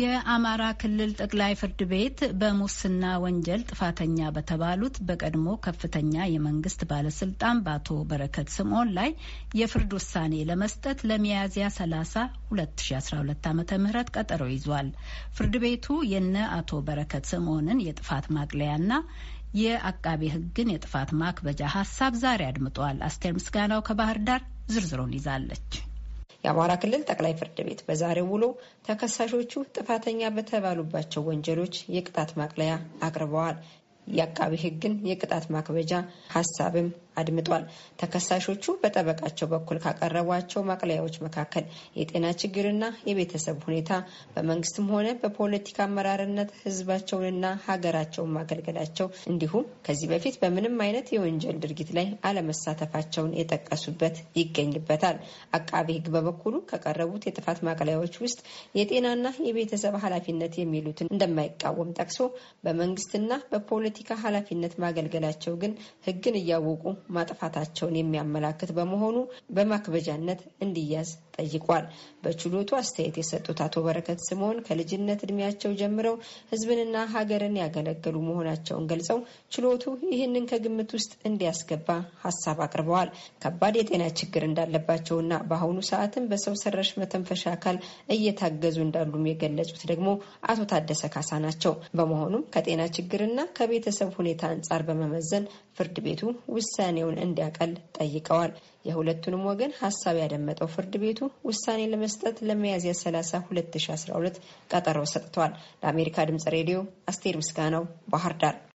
የአማራ ክልል ጠቅላይ ፍርድ ቤት በሙስና ወንጀል ጥፋተኛ በተባሉት በቀድሞ ከፍተኛ የመንግስት ባለስልጣን በአቶ በረከት ስምዖን ላይ የፍርድ ውሳኔ ለመስጠት ለሚያዝያ 30 2012 ዓ ም ቀጠሮ ይዟል። ፍርድ ቤቱ የነ አቶ በረከት ስምዖንን የጥፋት ማቅለያና የአቃቤ ሕግን የጥፋት ማክበጃ ሀሳብ ዛሬ አድምጧል። አስቴር ምስጋናው ከባህር ዳር ዝርዝሩን ይዛለች። የአማራ ክልል ጠቅላይ ፍርድ ቤት በዛሬው ውሎ ተከሳሾቹ ጥፋተኛ በተባሉባቸው ወንጀሎች የቅጣት ማቅለያ አቅርበዋል። የአቃቢ ሕግን የቅጣት ማክበጃ ሀሳብም አድምጧል። ተከሳሾቹ በጠበቃቸው በኩል ካቀረቧቸው ማቅለያዎች መካከል የጤና ችግርና የቤተሰብ ሁኔታ፣ በመንግስትም ሆነ በፖለቲካ አመራርነት ህዝባቸውንና ሀገራቸውን ማገልገላቸው እንዲሁም ከዚህ በፊት በምንም አይነት የወንጀል ድርጊት ላይ አለመሳተፋቸውን የጠቀሱበት ይገኝበታል። አቃቢ ሕግ በበኩሉ ከቀረቡት የጥፋት ማቅለያዎች ውስጥ የጤናና የቤተሰብ ኃላፊነት የሚሉትን እንደማይቃወም ጠቅሶ በመንግስትና በፖለ በፖለቲካ ኃላፊነት ማገልገላቸው ግን ሕግን እያወቁ ማጥፋታቸውን የሚያመላክት በመሆኑ በማክበጃነት እንዲያዝ ጠይቋል። በችሎቱ አስተያየት የሰጡት አቶ በረከት ስምኦን ከልጅነት እድሜያቸው ጀምረው ህዝብንና ሀገርን ያገለገሉ መሆናቸውን ገልጸው ችሎቱ ይህንን ከግምት ውስጥ እንዲያስገባ ሀሳብ አቅርበዋል። ከባድ የጤና ችግር እንዳለባቸውና በአሁኑ ሰዓትም በሰው ሰራሽ መተንፈሻ አካል እየታገዙ እንዳሉም የገለጹት ደግሞ አቶ ታደሰ ካሳ ናቸው። በመሆኑም ከጤና ችግርና ከቤት የቤተሰብ ሁኔታ አንጻር በመመዘን ፍርድ ቤቱ ውሳኔውን እንዲያቀል ጠይቀዋል። የሁለቱንም ወገን ሀሳብ ያደመጠው ፍርድ ቤቱ ውሳኔ ለመስጠት ለሚያዝያ 30 2012 ቀጠሮ ሰጥቷል። ለአሜሪካ ድምጽ ሬዲዮ አስቴር ምስጋናው ባህር ዳር